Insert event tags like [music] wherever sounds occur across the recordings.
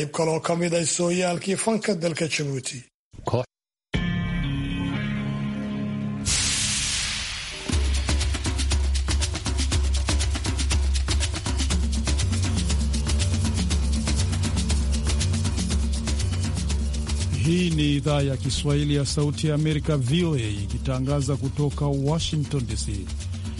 qayb kaloo ka mid ah sooyaalkii fanka dalka Jabuuti. Hii ni idhaa ya Kiswahili ya Sauti ya Amerika, VOA, ikitangaza kutoka Washington DC.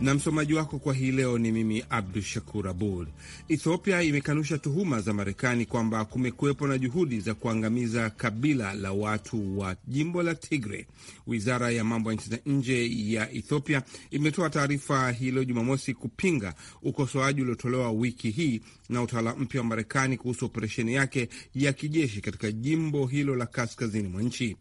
na msomaji wako kwa hii leo ni mimi Abdu Shakur Abud. Ethiopia imekanusha tuhuma za Marekani kwamba kumekuwepo na juhudi za kuangamiza kabila la watu wa jimbo la Tigre. Wizara ya mambo ya nchi za nje ya Ethiopia imetoa taarifa hii leo Jumamosi kupinga ukosoaji uliotolewa wiki hii na utawala mpya wa Marekani kuhusu operesheni yake ya kijeshi katika jimbo hilo la kaskazini mwa nchi.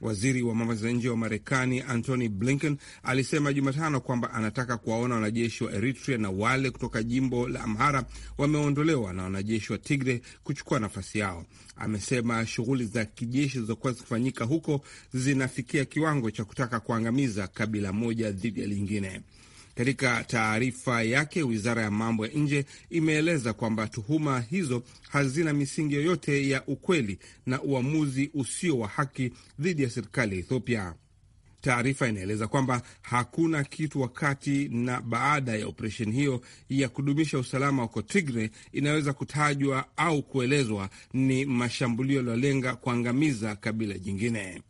Waziri wa mambo za nje wa Marekani Antony Blinken alisema Jumatano kwamba anataka kuwaona wanajeshi wa Eritrea na wale kutoka jimbo la Amhara wameondolewa na wanajeshi wa Tigre kuchukua nafasi yao. Amesema shughuli za kijeshi zilizokuwa zikifanyika huko zinafikia kiwango cha kutaka kuangamiza kabila moja dhidi ya lingine. Katika taarifa yake, wizara ya mambo ya nje imeeleza kwamba tuhuma hizo hazina misingi yoyote ya ukweli na uamuzi usio wa haki dhidi ya serikali ya Ethiopia. Taarifa inaeleza kwamba hakuna kitu wakati na baada ya operesheni hiyo ya kudumisha usalama huko Tigre inaweza kutajwa au kuelezwa ni mashambulio yaliyolenga kuangamiza kabila jingine.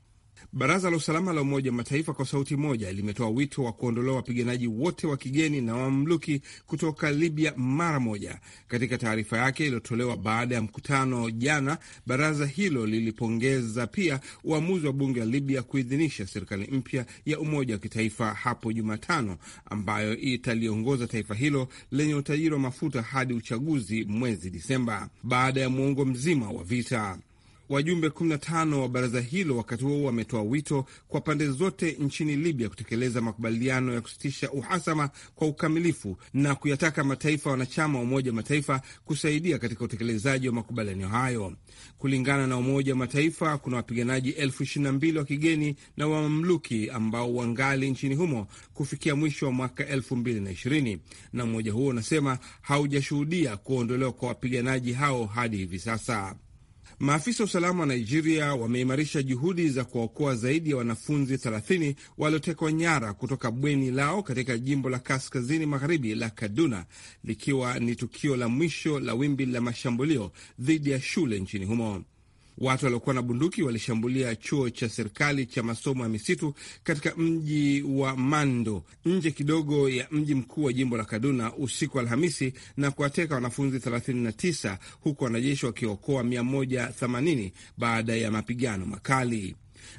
Baraza la Usalama la Umoja wa Mataifa kwa sauti moja limetoa wito wa kuondolewa wapiganaji wote wa kigeni na wamamluki kutoka Libya mara moja. Katika taarifa yake iliyotolewa baada ya mkutano jana, baraza hilo lilipongeza pia uamuzi wa bunge la Libya kuidhinisha serikali mpya ya umoja wa kitaifa hapo Jumatano, ambayo italiongoza taifa hilo lenye utajiri wa mafuta hadi uchaguzi mwezi Disemba, baada ya muongo mzima wa vita. Wajumbe 15 wa baraza hilo wakati huo wametoa wito kwa pande zote nchini Libya kutekeleza makubaliano ya kusitisha uhasama kwa ukamilifu na kuyataka mataifa wanachama wa Umoja wa Mataifa kusaidia katika utekelezaji wa makubaliano hayo. Kulingana na Umoja wa Mataifa, kuna wapiganaji elfu ishirini na mbili wa kigeni na wamamluki ambao wangali nchini humo kufikia mwisho wa mwaka elfu mbili na ishirini na umoja huo unasema haujashuhudia kuondolewa kwa wapiganaji hao hadi hivi sasa. Maafisa wa usalama wa Nigeria wameimarisha juhudi za kuwaokoa zaidi ya wanafunzi 30 waliotekwa nyara kutoka bweni lao katika jimbo la kaskazini magharibi la Kaduna, likiwa ni tukio la mwisho la wimbi la mashambulio dhidi ya shule nchini humo. Watu waliokuwa na bunduki walishambulia chuo cha serikali cha masomo ya misitu katika mji wa Mando, nje kidogo ya mji mkuu wa jimbo la Kaduna usiku Alhamisi na kuwateka wanafunzi 39 huku wanajeshi wakiokoa 180 baada ya mapigano makali.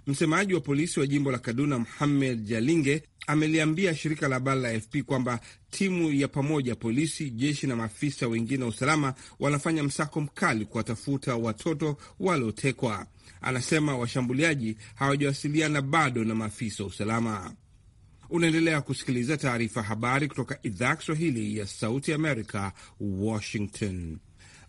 Msemaji wa polisi wa jimbo la Kaduna, Muhammed Jalinge, ameliambia shirika la habari la AFP kwamba timu ya pamoja polisi, jeshi na maafisa wengine wa usalama wanafanya msako mkali kuwatafuta watoto waliotekwa. Anasema washambuliaji hawajawasiliana bado na maafisa wa usalama. Unaendelea kusikiliza taarifa habari kutoka idhaa ya Kiswahili ya Sauti Amerika, Washington.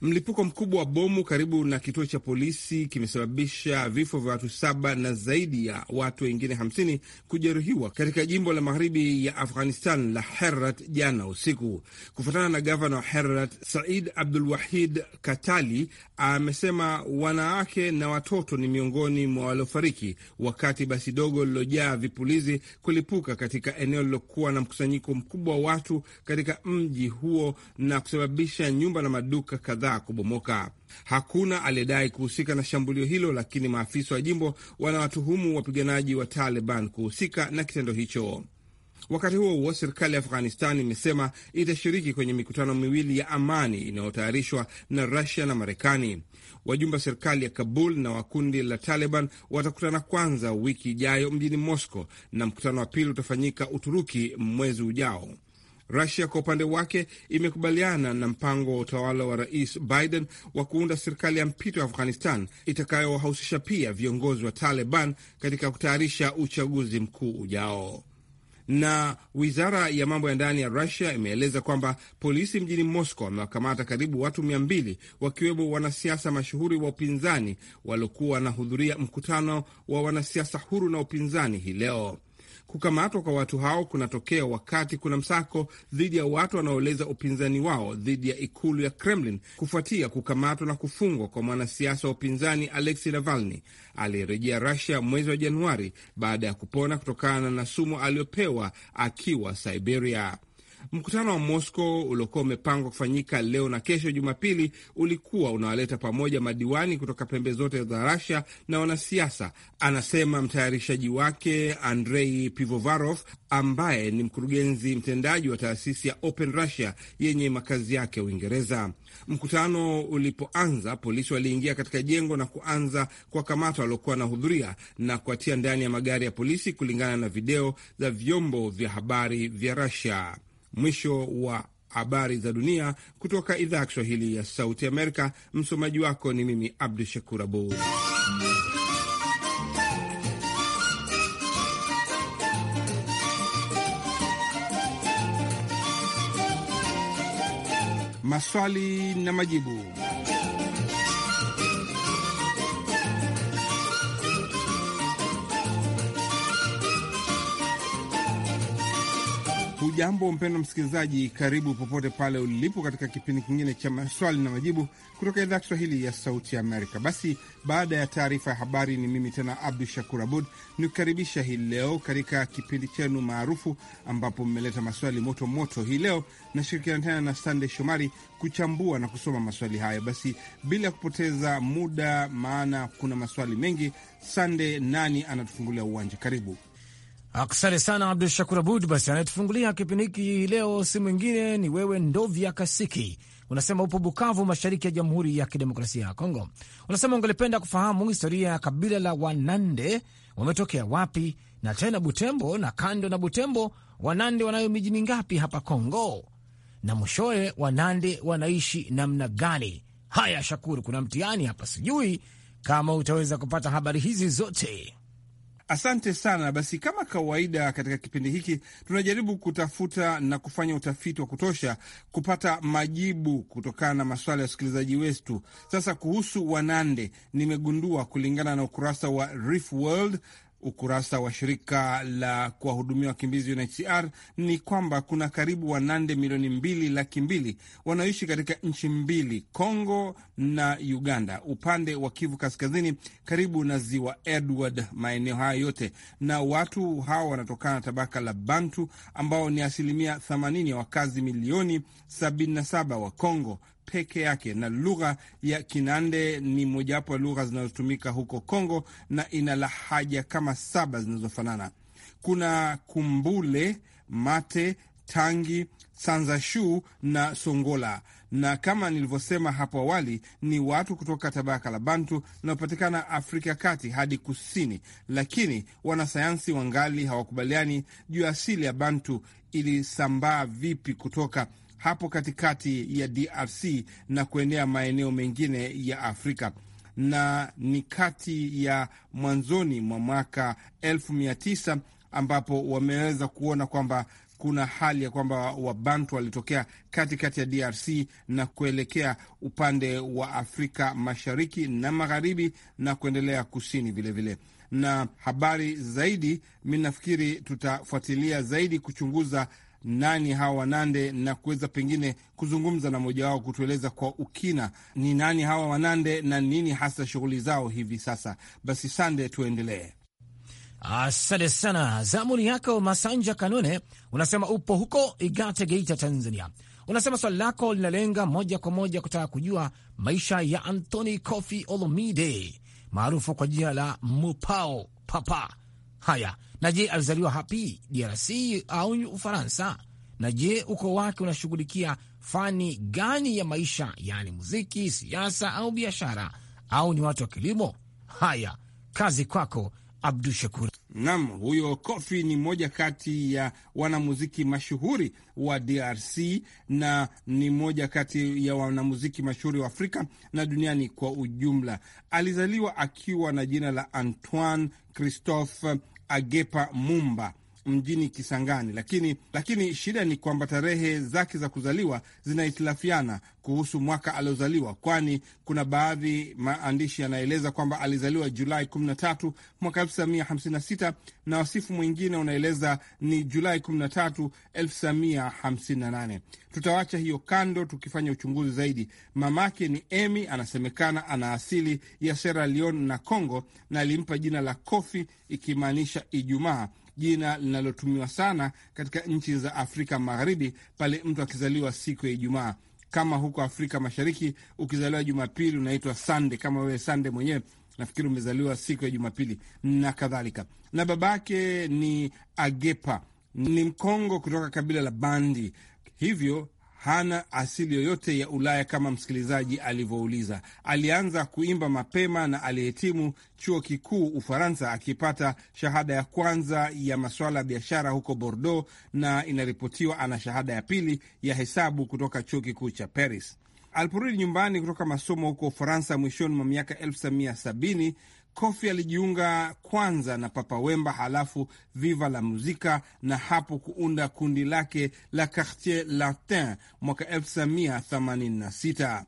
Mlipuko mkubwa wa bomu karibu na kituo cha polisi kimesababisha vifo vya watu saba na zaidi ya watu wengine 50 kujeruhiwa katika jimbo la magharibi ya Afghanistan la Herat jana usiku. Kufuatana na gavana wa Herat, Said Abdul Wahid Katali amesema wanawake na watoto ni miongoni mwa waliofariki wakati basi dogo lililojaa vipulizi kulipuka katika eneo lilokuwa na mkusanyiko mkubwa wa watu katika mji huo na kusababisha nyumba na maduka kadhaa kadhaa kubomoka. Hakuna aliyedai kuhusika na shambulio hilo, lakini maafisa wa jimbo wanawatuhumu wapiganaji wa Taliban kuhusika na kitendo hicho. Wakati huo huo, serikali ya Afghanistan imesema itashiriki kwenye mikutano miwili ya amani inayotayarishwa na Rusia na Marekani. Wajumbe wa serikali ya Kabul na wa kundi la Taliban watakutana kwanza wiki ijayo mjini Moscow, na mkutano wa pili utafanyika Uturuki mwezi ujao. Rusia kwa upande wake imekubaliana na mpango wa utawala wa Rais Biden wa kuunda serikali ya mpito ya Afghanistan itakayowahusisha pia viongozi wa Taliban katika kutayarisha uchaguzi mkuu ujao. Na wizara ya mambo ya ndani ya Rusia imeeleza kwamba polisi mjini Moscow wamewakamata karibu watu mia mbili wakiwemo wanasiasa mashuhuri wa upinzani waliokuwa wanahudhuria mkutano wa wanasiasa huru na upinzani hii leo. Kukamatwa kwa watu hao kunatokea wakati kuna msako dhidi ya watu wanaoeleza upinzani wao dhidi ya ikulu ya Kremlin kufuatia kukamatwa na kufungwa kwa mwanasiasa wa upinzani Alexei Navalny aliyerejea Rusia mwezi wa Januari baada ya kupona kutokana na sumu aliyopewa akiwa Siberia. Mkutano wa Moscow uliokuwa umepangwa kufanyika leo na kesho Jumapili ulikuwa unawaleta pamoja madiwani kutoka pembe zote za rasia na wanasiasa, anasema mtayarishaji wake Andrei Pivovarov, ambaye ni mkurugenzi mtendaji wa taasisi ya Open Russia yenye makazi yake Uingereza. Mkutano ulipoanza, polisi waliingia katika jengo na kuanza kuwakamata waliokuwa wanahudhuria na kuwatia ndani ya magari ya polisi, kulingana na video za vyombo vya habari vya rasia Mwisho wa habari za dunia kutoka idhaa ya Kiswahili ya Sauti Amerika. Msomaji wako ni mimi Abdu Shakur Abud. Maswali na majibu. Hujambo mpendo msikilizaji, karibu popote pale ulipo katika kipindi kingine cha maswali na majibu kutoka idhaa Kiswahili ya Sauti ya Amerika. Basi baada ya taarifa ya habari, ni mimi tena Abdu Shakur Abud nikukaribisha hii leo katika kipindi chenu maarufu ambapo mmeleta maswali moto moto. Hii leo nashirikiana tena na Sandey Shomari kuchambua na kusoma maswali hayo. Basi bila ya kupoteza muda, maana kuna maswali mengi. Sandey, nani anatufungulia uwanja? Karibu. Asante sana Abdu Shakur Abud. Basi anayetufungulia kipindi hiki leo si mwingine ni wewe Ndovya Kasiki. Unasema upo Bukavu, mashariki ya Jamhuri ya Kidemokrasia ya Kongo. Unasema ungelipenda kufahamu historia ya kabila la Wanande, wametokea wapi, na tena Butembo na kando na Butembo, Wanande wanayo miji mingapi hapa Kongo, na mwishowe Wanande wanaishi namna gani? Haya Shakuru, kuna mtihani hapa, sijui kama utaweza kupata habari hizi zote. Asante sana. Basi kama kawaida, katika kipindi hiki tunajaribu kutafuta na kufanya utafiti wa kutosha kupata majibu kutokana na maswala ya wasikilizaji wetu. Sasa kuhusu Wanande, nimegundua kulingana na ukurasa wa Reef World ukurasa wa shirika la kuwahudumia wakimbizi UNHCR ni kwamba kuna karibu Wanande milioni mbili laki mbili wanaoishi katika nchi mbili, Congo na Uganda, upande wa Kivu Kaskazini karibu na ziwa Edward, maeneo haya yote. Na watu hawa wanatokana na tabaka la Bantu ambao ni asilimia 80 ya wakazi milioni 77 wa Congo peke yake, na lugha ya Kinande ni mojawapo ya lugha zinazotumika huko Kongo na ina lahaja kama saba zinazofanana. Kuna Kumbule, Mate, Tangi, Sanzashu na Songola. Na kama nilivyosema hapo awali, ni watu kutoka tabaka la Bantu linalopatikana Afrika ya kati hadi kusini, lakini wanasayansi wangali hawakubaliani juu ya asili ya Bantu ilisambaa vipi kutoka hapo katikati ya DRC na kuenea maeneo mengine ya Afrika na ni kati ya mwanzoni mwa mwaka 9 ambapo wameweza kuona kwamba kuna hali ya kwamba Wabantu walitokea katikati ya DRC na kuelekea upande wa Afrika mashariki na magharibi na kuendelea kusini vilevile vile. Na habari zaidi, mi nafikiri tutafuatilia zaidi kuchunguza nani hawa Wanande na kuweza pengine kuzungumza na mmoja wao kutueleza kwa ukina ni nani hawa Wanande na nini hasa shughuli zao hivi sasa. Basi Sande, tuendelee. Asante sana. Zamuni yako Masanja Kanone, unasema upo huko Igate, Geita, Tanzania. Unasema swali lako linalenga moja kwa moja kutaka kujua maisha ya Anthony Kofi Olomide maarufu kwa jina la Mupao Papa. Haya, na je, alizaliwa hapi DRC au Ufaransa? Na je, ukoo wake unashughulikia fani gani ya maisha, yaani muziki, siasa au biashara, au ni watu wa kilimo? Haya, kazi kwako Abdu Shakur. Nam, huyo Kofi ni mmoja kati ya wanamuziki mashuhuri wa DRC na ni mmoja kati ya wanamuziki mashuhuri wa Afrika na duniani kwa ujumla. Alizaliwa akiwa na jina la Antoine Christophe Agepa Mumba mjini Kisangani, lakini lakini shida ni kwamba tarehe zake za kuzaliwa zinahitilafiana kuhusu mwaka aliozaliwa, kwani kuna baadhi maandishi yanaeleza kwamba alizaliwa Julai 13 mwaka 1956 na wasifu mwingine unaeleza ni Julai 13, 1958. Tutawacha hiyo kando tukifanya uchunguzi zaidi. Mamake ni Emi, anasemekana ana asili ya Sierra Leone na Congo, na alimpa jina la Kofi ikimaanisha Ijumaa jina linalotumiwa sana katika nchi za Afrika Magharibi pale mtu akizaliwa siku ya Ijumaa. Kama huko Afrika Mashariki ukizaliwa Jumapili unaitwa Sande, kama wewe Sande mwenyewe nafikiri umezaliwa siku ya Jumapili na kadhalika. Na babake ni Agepa, ni Mkongo kutoka kabila la Bandi, hivyo hana asili yoyote ya Ulaya kama msikilizaji alivyouliza. Alianza kuimba mapema na alihitimu chuo kikuu Ufaransa, akipata shahada ya kwanza ya masuala ya biashara huko Bordeaux, na inaripotiwa ana shahada ya pili ya hesabu kutoka chuo kikuu cha Paris. Aliporudi nyumbani kutoka masomo huko Ufaransa mwishoni mwa miaka 1970 Kofi alijiunga kwanza na Papa Wemba, halafu Viva la Muzika, na hapo kuunda kundi lake la Quartier Latin mwaka 1986.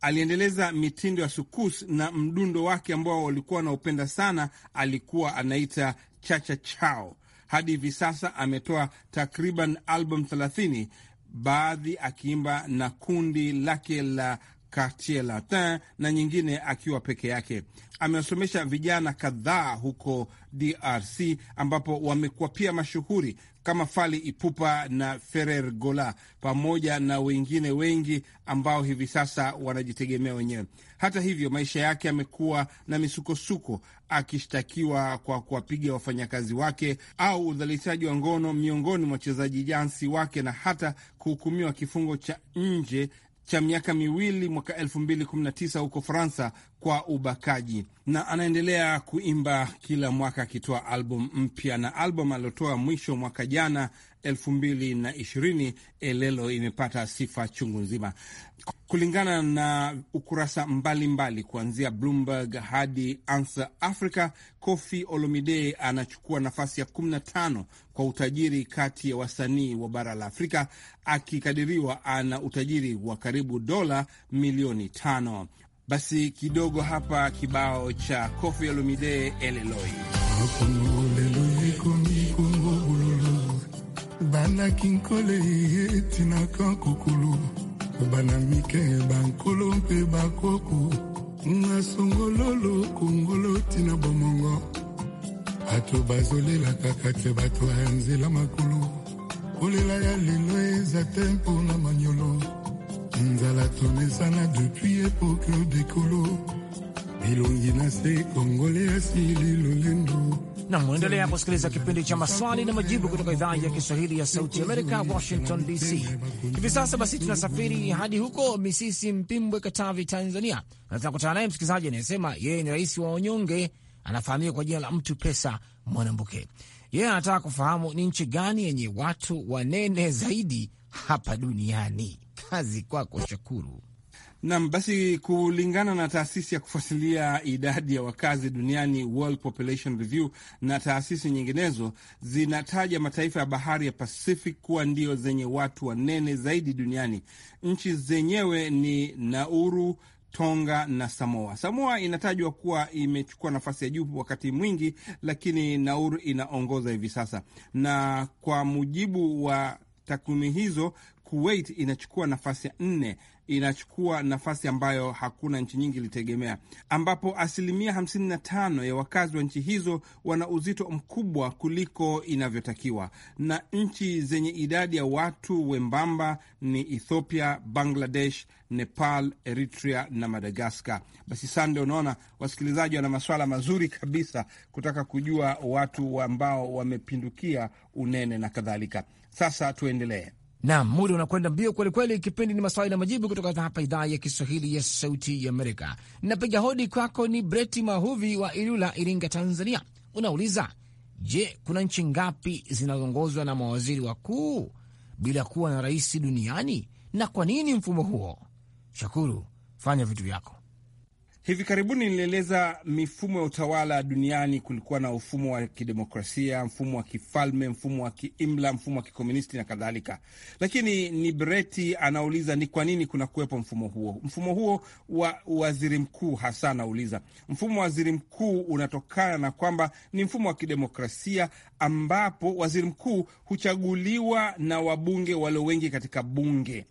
Aliendeleza mitindo ya sukus na mdundo wake ambao walikuwa wanaupenda sana, alikuwa anaita chacha chao. Hadi hivi sasa ametoa takriban album 30, baadhi akiimba na kundi lake la Quartier Latin na nyingine akiwa peke yake. Amewasomesha vijana kadhaa huko DRC ambapo wamekuwa pia mashuhuri kama fali Ipupa na Ferrer Gola pamoja na wengine wengi ambao hivi sasa wanajitegemea wenyewe. Hata hivyo, maisha yake yamekuwa na misukosuko, akishtakiwa kwa kuwapiga wafanyakazi wake au udhalilishaji wa ngono miongoni mwa wachezaji jansi wake na hata kuhukumiwa kifungo cha nje cha miaka miwili mwaka 2019 huko Fransa kwa ubakaji, na anaendelea kuimba kila mwaka akitoa albam mpya, na albam aliotoa mwisho mwaka jana elfu mbili na ishirini Elelo imepata sifa chungu nzima, kulingana na ukurasa mbalimbali mbali, kuanzia Bloomberg hadi ansa Africa. Kofi Olomide anachukua nafasi ya 15 kwa utajiri kati ya wasanii wa bara la Afrika, akikadiriwa ana utajiri wa karibu dola milioni tano. Basi kidogo hapa kibao cha Koffi Olomide Eleloi balaki nkole etinaka kokulu banamike bankolo mpe bakoku nasongololo kongolo tina bomongo bato bazolelaka kati bato ya nzela makulu kolela ya lelo eza te mpona manyolo nzala tonesana depuis epoke dekolo bilongi na se kongole asili lolendo na mwendelea kusikiliza kipindi cha maswali na majibu kutoka idhaa ya Kiswahili ya Sauti Amerika, Washington DC. Hivi sasa basi, tunasafiri hadi huko Misisi, Mpimbwe, Katavi, Tanzania, na tunakutana naye msikilizaji anayesema yeye ni rais wa wanyonge, anafahamika kwa jina la Mtu Pesa Mwanambuke. Yeye anataka kufahamu ni nchi gani yenye watu wanene zaidi hapa duniani kazi kwako Shakuru. Nam, basi kulingana na taasisi ya kufuatilia idadi ya wakazi duniani World Population Review na taasisi nyinginezo zinataja mataifa ya bahari ya Pacific kuwa ndio zenye watu wanene zaidi duniani. Nchi zenyewe ni Nauru, Tonga na Samoa. Samoa inatajwa kuwa imechukua nafasi ya juu wakati mwingi, lakini Nauru inaongoza hivi sasa, na kwa mujibu wa takwimu hizo Kuwait inachukua nafasi ya nne, inachukua nafasi ambayo hakuna nchi nyingi ilitegemea, ambapo asilimia 55 ya wakazi wa nchi hizo wana uzito mkubwa kuliko inavyotakiwa, na nchi zenye idadi ya watu wembamba ni Ethiopia, Bangladesh, Nepal, Eritrea na Madagaskar. Basi Sande, unaona wasikilizaji wana maswala mazuri kabisa kutaka kujua watu ambao wamepindukia unene na kadhalika. Sasa tuendelee nam muda unakwenda mbio kweli kweli Kipindi ni maswali na majibu kutoka hapa idhaa ya Kiswahili ya Sauti ya Amerika. Napiga hodi kwako ni Breti Mahuvi wa Ilula, Iringa, Tanzania. Unauliza, je, kuna nchi ngapi zinazoongozwa na mawaziri wakuu bila kuwa na rais duniani na kwa nini mfumo huo? Shakuru, fanya vitu vyako. Hivi karibuni nilieleza mifumo ya utawala duniani. Kulikuwa na mfumo wa kidemokrasia, mfumo wa kifalme, mfumo wa kiimla, mfumo wa kikomunisti na kadhalika. Lakini Nibreti anauliza ni kwa nini kuna kuwepo mfumo huo, mfumo huo wa waziri mkuu hasa. Anauliza mfumo wa waziri mkuu unatokana na kwamba ni mfumo wa kidemokrasia ambapo waziri mkuu huchaguliwa na wabunge walio wengi katika bunge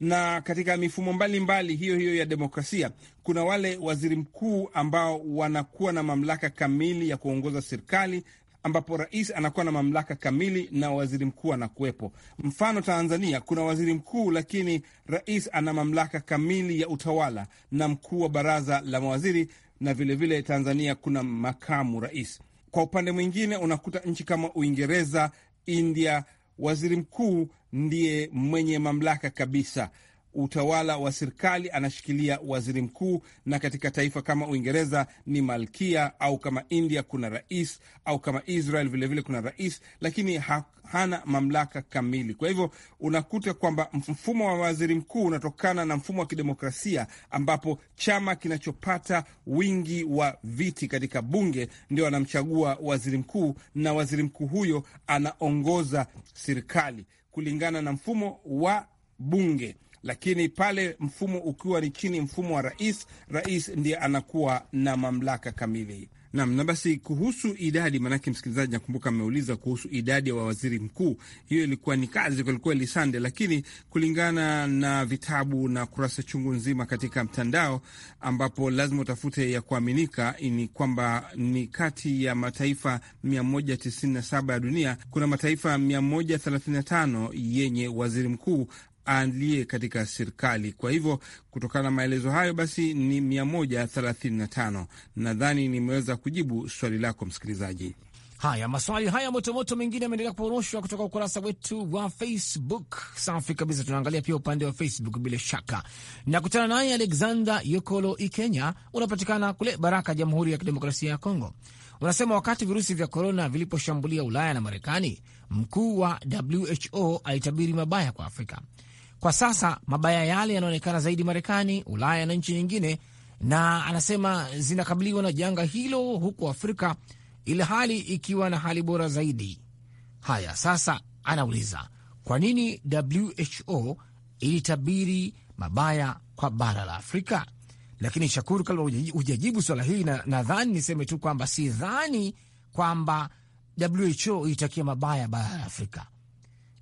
na katika mifumo mbalimbali mbali, hiyo hiyo ya demokrasia, kuna wale waziri mkuu ambao wanakuwa na mamlaka kamili ya kuongoza serikali ambapo rais anakuwa na mamlaka kamili na waziri mkuu anakuwepo. Mfano, Tanzania kuna waziri mkuu, lakini rais ana mamlaka kamili ya utawala na mkuu wa baraza la mawaziri, na vilevile vile Tanzania kuna makamu rais. Kwa upande mwingine, unakuta nchi kama Uingereza, India waziri mkuu ndiye mwenye mamlaka kabisa utawala wa serikali anashikilia waziri mkuu, na katika taifa kama Uingereza ni malkia, au kama India kuna rais, au kama Israel vilevile vile kuna rais, lakini ha hana mamlaka kamili. Kwa hivyo unakuta kwamba mfumo wa waziri mkuu unatokana na mfumo wa kidemokrasia ambapo chama kinachopata wingi wa viti katika bunge ndio anamchagua waziri mkuu, na waziri mkuu huyo anaongoza serikali kulingana na mfumo wa bunge lakini pale mfumo ukiwa ni chini mfumo wa rais, rais ndiye anakuwa na mamlaka kamili. Nam na basi, kuhusu idadi, maanake msikilizaji nakumbuka ameuliza kuhusu idadi ya wa waziri mkuu. Hiyo ilikuwa ni kazi kwelikweli sande, lakini kulingana na vitabu na kurasa chungu nzima katika mtandao, ambapo lazima utafute ya kuaminika, ni kwamba ni kati ya mataifa 197 ya dunia kuna mataifa 135 yenye waziri mkuu aliye katika serikali. Kwa hivyo kutokana na maelezo hayo basi ni 135. Nadhani nimeweza kujibu swali lako msikilizaji. Haya, maswali haya motomoto mengine yameendelea kuporoshwa kutoka ukurasa wetu wa Facebook. Safi kabisa, tunaangalia pia upande wa Facebook bila shaka. Nakutana naye Alexander Yokolo Ikenya, unapatikana kule Baraka, Jamhuri ya Kidemokrasia ya Kongo. Unasema wakati virusi vya korona viliposhambulia Ulaya na Marekani, mkuu wa WHO alitabiri mabaya kwa Afrika. Kwa sasa mabaya yale yanaonekana zaidi Marekani, Ulaya na nchi nyingine, na anasema zinakabiliwa na janga hilo huku Afrika ili hali ikiwa na hali bora zaidi. Haya, sasa anauliza kwa nini WHO ilitabiri mabaya kwa bara la Afrika? Lakini Shakuru, kabla hujajibu swala hili, nadhani na niseme tu kwamba sidhani kwamba WHO ilitakia mabaya bara la Afrika.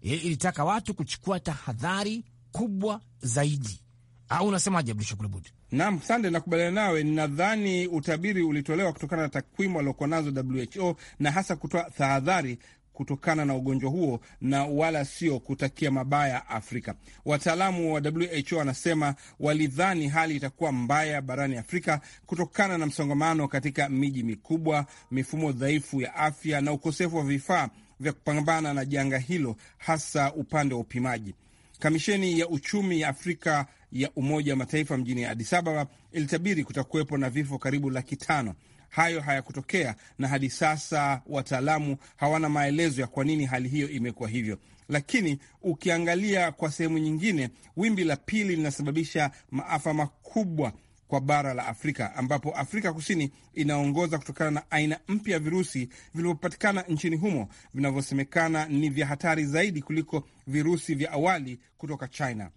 Ilitaka watu kuchukua tahadhari kubwa zaidi, au ah, unasemaje Abdushakur Abud? Naam, sande, nakubaliana nawe. Nadhani utabiri ulitolewa kutokana na takwimu aliokuwa nazo WHO na hasa kutoa tahadhari kutokana na ugonjwa huo na wala sio kutakia mabaya Afrika. Wataalamu wa WHO wanasema walidhani hali itakuwa mbaya barani Afrika kutokana na msongamano katika miji mikubwa, mifumo dhaifu ya afya na ukosefu wa vifaa vya kupambana na janga hilo, hasa upande wa upimaji. Kamisheni ya uchumi ya Afrika ya Umoja wa Mataifa mjini Addis Ababa ilitabiri kutakuwepo na vifo karibu laki tano. Hayo hayakutokea na hadi sasa wataalamu hawana maelezo ya kwa nini hali hiyo imekuwa hivyo. Lakini ukiangalia kwa sehemu nyingine, wimbi la pili linasababisha maafa makubwa kwa bara la Afrika ambapo Afrika Kusini inaongoza kutokana na aina mpya ya virusi vilivyopatikana nchini humo vinavyosemekana ni vya hatari zaidi kuliko virusi vya awali kutoka China.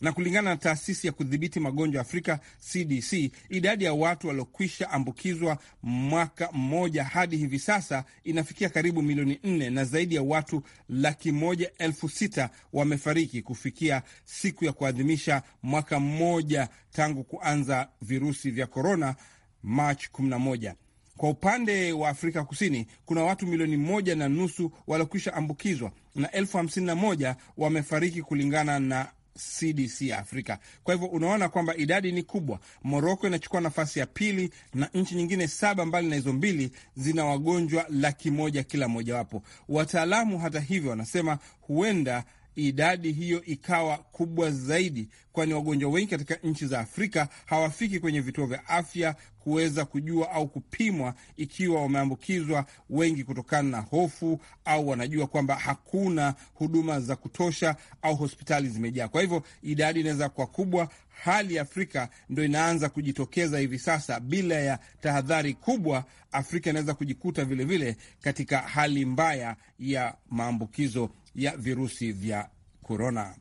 Na kulingana na taasisi ya kudhibiti magonjwa Afrika CDC, idadi ya watu waliokwisha ambukizwa mwaka mmoja hadi hivi sasa inafikia karibu milioni nne na zaidi ya watu laki moja elfu sita wamefariki kufikia siku ya kuadhimisha mwaka mmoja tangu kuanza virusi vya korona Machi 11. Kwa upande wa Afrika Kusini kuna watu milioni moja na nusu waliokwisha ambukizwa na elfu hamsini na moja wamefariki kulingana na CDC ya Afrika. Kwa hivyo unaona kwamba idadi ni kubwa. Moroko inachukua nafasi ya pili na nchi nyingine saba mbali na hizo mbili zina wagonjwa laki moja kila mojawapo. Wataalamu hata hivyo wanasema huenda idadi hiyo ikawa kubwa zaidi, kwani wagonjwa wengi katika nchi za Afrika hawafiki kwenye vituo vya afya kuweza kujua au kupimwa ikiwa wameambukizwa wengi, kutokana na hofu au wanajua kwamba hakuna huduma za kutosha au hospitali zimejaa. Kwa hivyo idadi inaweza kuwa kubwa. Hali ya Afrika ndo inaanza kujitokeza hivi sasa. Bila ya tahadhari kubwa, Afrika inaweza kujikuta vilevile vile katika hali mbaya ya maambukizo ya virusi vya korona.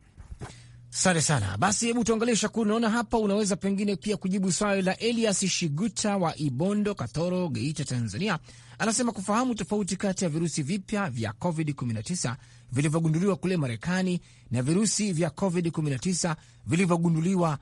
Asante sana. Basi hebu tuangalie, Shakuru, naona hapa unaweza pengine pia kujibu swali la Elias Shiguta wa Ibondo, Katoro, Geita, Tanzania. Anasema kufahamu tofauti kati ya virusi vipya vya COVID-19 vilivyogunduliwa kule Marekani na virusi vya COVID-19 vilivyogunduliwa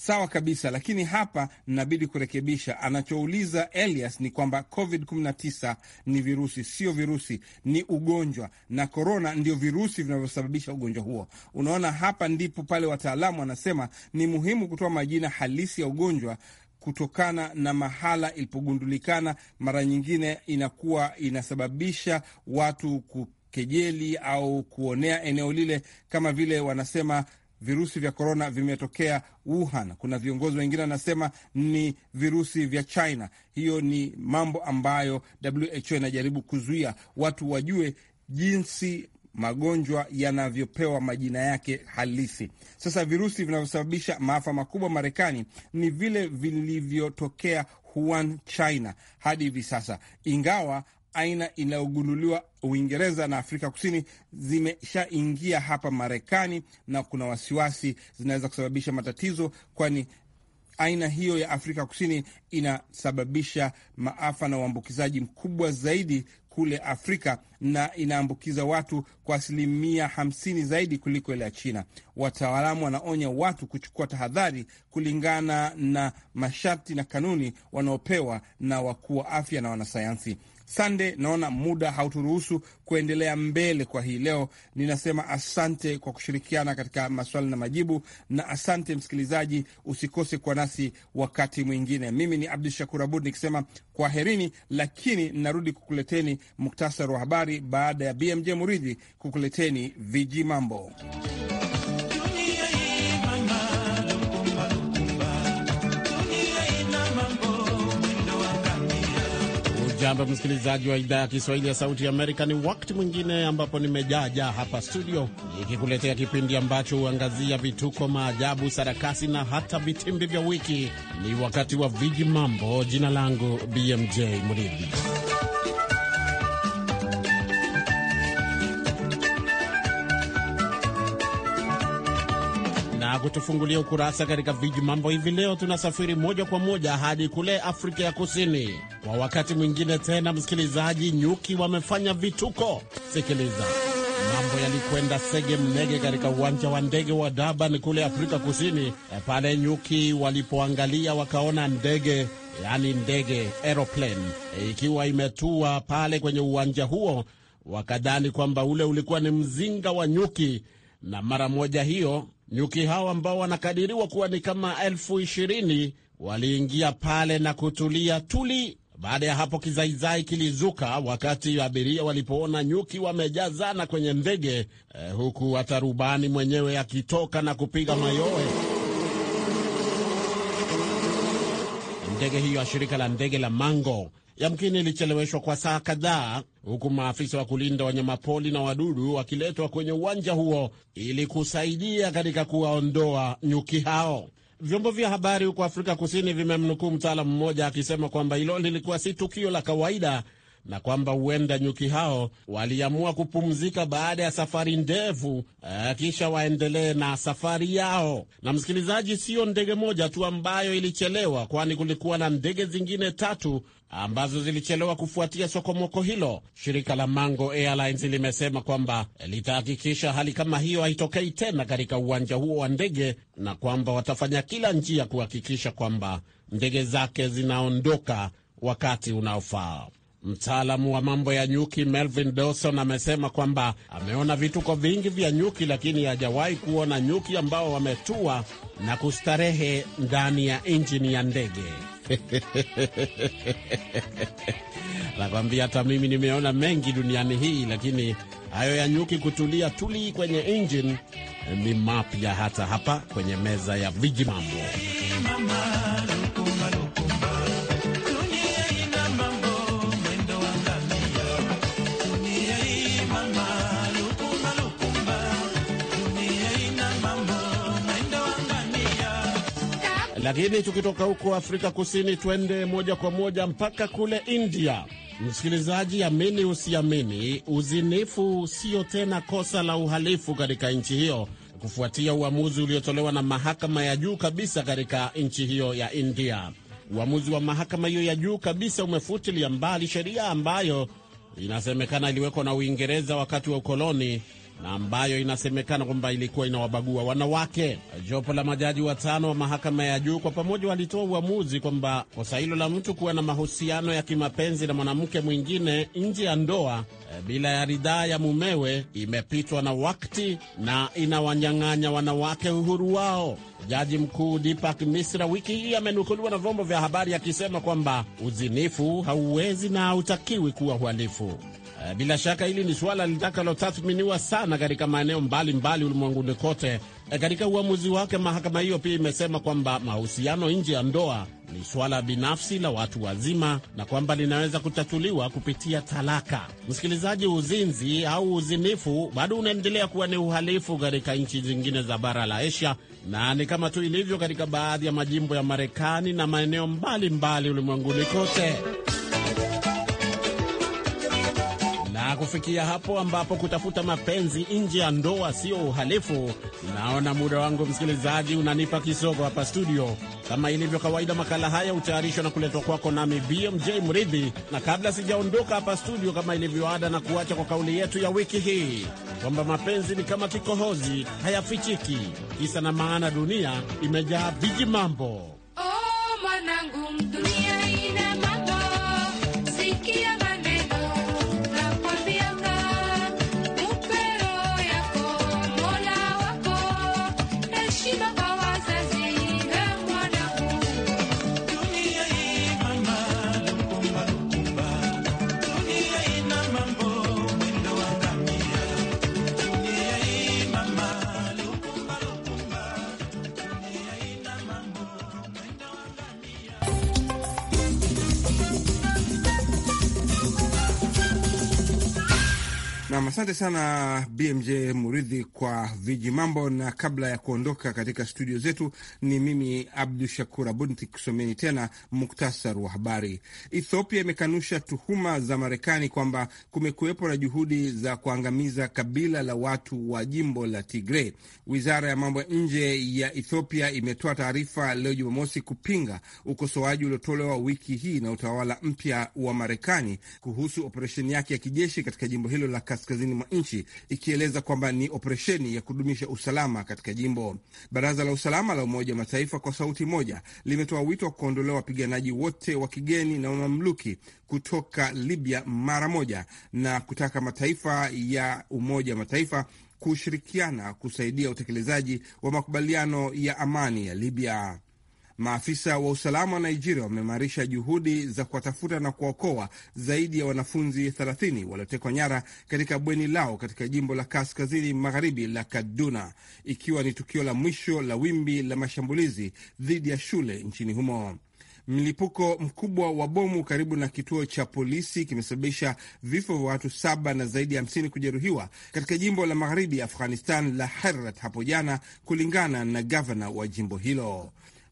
sawa kabisa, lakini hapa nabidi kurekebisha. Anachouliza Elias ni kwamba COVID-19 ni virusi, sio virusi, ni ugonjwa, na korona ndio virusi vinavyosababisha ugonjwa huo. Unaona, hapa ndipo pale wataalamu wanasema ni muhimu kutoa majina halisi ya ugonjwa kutokana na mahala ilipogundulikana. Mara nyingine inakuwa inasababisha watu kukejeli au kuonea eneo lile, kama vile wanasema virusi vya korona vimetokea Wuhan. Kuna viongozi wengine wanasema ni virusi vya China. Hiyo ni mambo ambayo WHO inajaribu kuzuia watu wajue jinsi magonjwa yanavyopewa majina yake halisi. Sasa virusi vinavyosababisha maafa makubwa Marekani ni vile vilivyotokea Wuhan, China hadi hivi sasa, ingawa aina inayogunduliwa Uingereza na Afrika Kusini zimeshaingia hapa Marekani, na kuna wasiwasi zinaweza kusababisha matatizo, kwani aina hiyo ya Afrika Kusini inasababisha maafa na uambukizaji mkubwa zaidi kule Afrika na inaambukiza watu kwa asilimia hamsini zaidi kuliko ile ya China. Wataalamu wanaonya watu kuchukua tahadhari kulingana na masharti na kanuni wanaopewa na wakuu wa afya na wanasayansi. Sande, naona muda hauturuhusu kuendelea mbele kwa hii leo. Ninasema asante kwa kushirikiana katika maswali na majibu, na asante msikilizaji, usikose kuwa nasi wakati mwingine. Mimi ni Abdu Shakur Abud nikisema kwaherini, lakini narudi kukuleteni muktasari wa habari baada ya BMJ Muridhi kukuleteni viji mambo. Hujambo msikilizaji wa idhaa ya Kiswahili ya Sauti ya Amerika. Ni wakati mwingine ambapo nimejaajaa hapa studio nikikuletea kipindi ambacho huangazia vituko, maajabu, sarakasi na hata vitimbi vya wiki. Ni wakati wa viji mambo. Jina langu BMJ Mridhi. kutufungulia ukurasa katika viji mambo hivi leo. Tunasafiri moja kwa moja hadi kule Afrika ya Kusini kwa wakati mwingine tena, msikilizaji. Nyuki wamefanya vituko. Sikiliza mambo yalikwenda sege mnege katika uwanja wa ndege wa Durban kule Afrika Kusini, e, pale nyuki walipoangalia wakaona ndege yaani ndege aeroplane e, ikiwa imetua pale kwenye uwanja huo, wakadhani kwamba ule ulikuwa ni mzinga wa nyuki, na mara moja hiyo Nyuki hao ambao wanakadiriwa kuwa ni kama elfu ishirini waliingia pale na kutulia tuli. Baada ya hapo, kizaizai kilizuka wakati abiria walipoona nyuki wamejazana kwenye ndege eh, huku hata rubani mwenyewe akitoka na kupiga mayowe. Ndege hiyo ya shirika la ndege la Mango yamkini ilicheleweshwa kwa saa kadhaa, huku maafisa wa kulinda wanyamapori na wadudu wakiletwa kwenye uwanja huo ili kusaidia katika kuwaondoa nyuki hao. Vyombo vya habari huko Afrika Kusini vimemnukuu mtaalamu mmoja akisema kwamba hilo lilikuwa si tukio la kawaida na kwamba huenda nyuki hao waliamua kupumzika baada ya safari ndefu uh, kisha waendelee na safari yao. Na msikilizaji, siyo ndege moja tu ambayo ilichelewa, kwani kulikuwa na ndege zingine tatu ambazo zilichelewa kufuatia sokomoko hilo. Shirika la Mango Airlines limesema kwamba litahakikisha hali kama hiyo haitokei tena katika uwanja huo wa ndege na kwamba watafanya kila njia kuhakikisha kwamba ndege zake zinaondoka wakati unaofaa. Mtaalamu wa mambo ya nyuki Melvin Dawson amesema kwamba ameona vituko vingi vya nyuki, lakini hajawahi kuona nyuki ambao wametua na kustarehe ndani ya injini ya ndege. [laughs] Nakwambia hata mimi nimeona mengi duniani hii, lakini hayo ya nyuki kutulia tuli kwenye injini ni mapya, hata hapa kwenye meza ya vijimambo. Lakini tukitoka huko Afrika Kusini, twende moja kwa moja mpaka kule India. Msikilizaji, amini usiamini, uzinifu sio tena kosa la uhalifu katika nchi hiyo kufuatia uamuzi uliotolewa na mahakama ya juu kabisa katika nchi hiyo ya India. Uamuzi wa mahakama hiyo ya juu kabisa umefutilia mbali sheria ambayo inasemekana iliwekwa na Uingereza wakati wa ukoloni na ambayo inasemekana kwamba ilikuwa inawabagua wanawake. Jopo la majaji watano wa mahakama ya juu kwa pamoja walitoa uamuzi kwamba kosa hilo la mtu kuwa na mahusiano ya kimapenzi na mwanamke mwingine nje ya ndoa eh, bila ya ridhaa ya mumewe imepitwa na wakati na inawanyang'anya wanawake uhuru wao. Jaji mkuu dipak Misra wiki hii amenukuliwa na vyombo vya habari akisema kwamba uzinifu hauwezi na hautakiwi kuwa uhalifu. Eh, bila shaka hili ni suala litakalotathminiwa sana katika maeneo mbalimbali ulimwenguni kote. Eh, katika uamuzi wake, mahakama hiyo pia imesema kwamba mahusiano nje ya ndoa ni suala binafsi la watu wazima na kwamba linaweza kutatuliwa kupitia talaka. Msikilizaji, uzinzi au uzinifu bado unaendelea kuwa ni uhalifu katika nchi zingine za bara la Asia na ni kama tu ilivyo katika baadhi ya majimbo ya Marekani na maeneo mbalimbali ulimwenguni kote. kufikia hapo ambapo kutafuta mapenzi nje ya ndoa sio uhalifu, naona muda wangu msikilizaji unanipa kisogo hapa studio. Kama ilivyo kawaida, makala haya hutayarishwa na kuletwa kwako nami BMJ Mridhi, na kabla sijaondoka hapa studio, kama ilivyo ada, na kuacha kwa kauli yetu ya wiki hii kwamba mapenzi ni kama kikohozi, hayafichiki. Kisa na maana, dunia imejaa viji mambo. sana BMJ Muridhi kwa viji mambo. Na kabla ya kuondoka katika studio zetu, ni mimi Abdu Shakur Abud nikikusomeni tena muktasar wa habari. Ethiopia imekanusha tuhuma za Marekani kwamba kumekuwepo na juhudi za kuangamiza kabila la watu wa jimbo la tigre Wizara ya mambo ya nje ya Ethiopia imetoa taarifa leo Jumamosi kupinga ukosoaji uliotolewa wiki hii na utawala mpya wa Marekani kuhusu operesheni yake ya kijeshi katika jimbo hilo la kaskazini mwa nchi ikieleza kwamba ni operesheni ya kudumisha usalama katika jimbo. Baraza la usalama la Umoja wa Mataifa kwa sauti moja limetoa wito wa kuondolewa wapiganaji wote wa kigeni na mamluki kutoka Libya mara moja na kutaka mataifa ya Umoja wa Mataifa kushirikiana kusaidia utekelezaji wa makubaliano ya amani ya Libya. Maafisa wa usalama wa Nigeria wameimarisha juhudi za kuwatafuta na kuwaokoa zaidi ya wanafunzi 30 waliotekwa nyara katika bweni lao katika jimbo la kaskazini magharibi la Kaduna, ikiwa ni tukio la mwisho la wimbi la mashambulizi dhidi ya shule nchini humo. Mlipuko mkubwa wa bomu karibu na kituo cha polisi kimesababisha vifo vya watu saba na zaidi ya hamsini kujeruhiwa katika jimbo la magharibi ya Afghanistan la Herat hapo jana, kulingana na gavana wa jimbo hilo.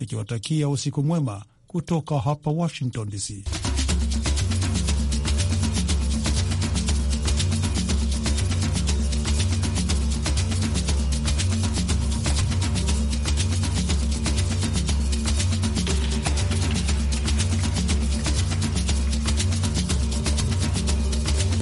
ikiwatakia usiku mwema kutoka hapa Washington DC.